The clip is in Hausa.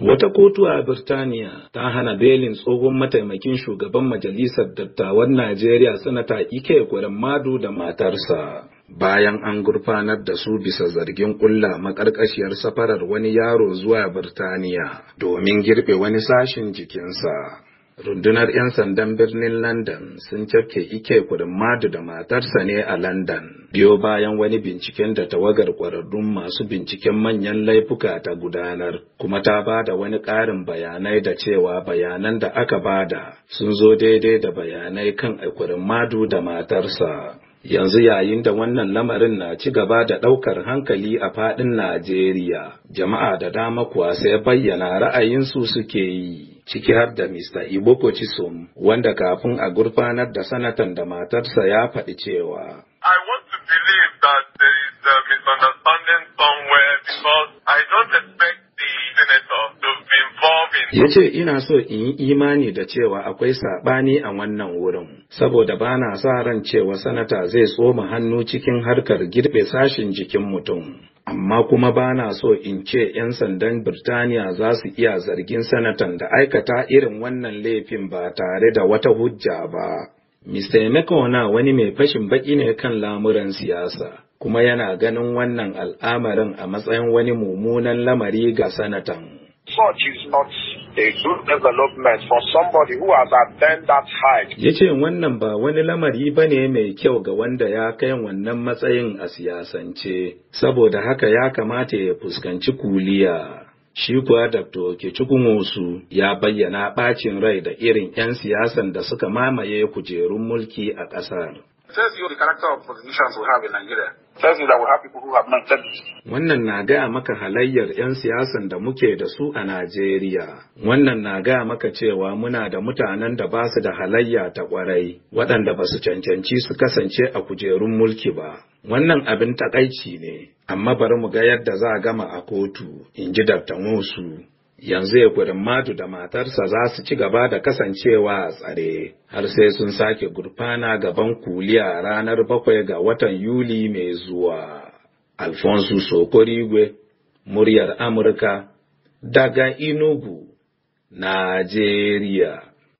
Wata kotu a Birtaniya ta hana belin tsohon mataimakin shugaban Majalisar Dattawan Najeriya Sanata Ike Madu da matarsa. Bayan an gurfanar da su bisa zargin ƙulla maƙarƙashiyar safarar wani yaro zuwa Birtaniya domin girbe wani sashin jikinsa. rundunar 'yan sandan birnin london sun cafke ike madu da matarsa ne a london biyo bayan wani binciken da tawagar kwararrun masu binciken manyan laifuka ta gudanar kuma ta ba da wani ƙarin bayanai da cewa bayanan da aka ba da, sun zo daidai da bayanai kan madu da matarsa yanzu yayin da wannan lamarin na ci gaba da ɗaukar hankali a faɗin najeriya jama'a da dama kuwa sai bayyana ra'ayinsu suke yi ciki har da Mr. Iboko Chisom wanda kafin a gurfanar da sanatan da matarsa ya faɗi cewa. I want to believe that there is a misunderstanding somewhere because I don't expect the senator to be involved in Ya ce ina so in yi imani da cewa akwai saɓani a wannan wurin, saboda ba na sa ran cewa sanata zai tsoma hannu cikin harkar girbe sashin jikin mutum. amma kuma ba na so in ce 'yan sandan Birtaniya za su iya zargin sanatan da aikata irin wannan laifin ba tare da wata hujja ba. Mr. na wani mai fashin baƙi ne kan lamuran siyasa, kuma yana ganin wannan al'amarin a matsayin wani mummunan lamari ga sanatan. Such is not a development for somebody who has Ya ce wannan ba wani lamari ba ne mai kyau ga wanda ya kai wannan matsayin a siyasance, saboda haka ya kamata ya fuskanci kuliya. Shi kuwa Dr. ya bayyana ɓacin rai da irin 'yan siyasan da suka mamaye kujerun mulki a ƙasar. Wannan na gaya maka halayyar 'yan siyasan da muke da su a Najeriya. Wannan na gaya maka cewa muna da mutanen da ba su da halayya ta kwarai, waɗanda ba su cancanci su kasance a kujerun mulki ba. Wannan abin takaici ne, amma bari mu ga yadda za a gama a kotu, in ji Dr. Musu. yanzu ya matu da matarsa za su ci gaba da kasancewa a tsare har sai sun sake gurfana gaban kuliya ranar bakwai ga watan Yuli mai zuwa. Alfonso Sokorigwe, muryar Amurka, daga Inugu, Najeriya.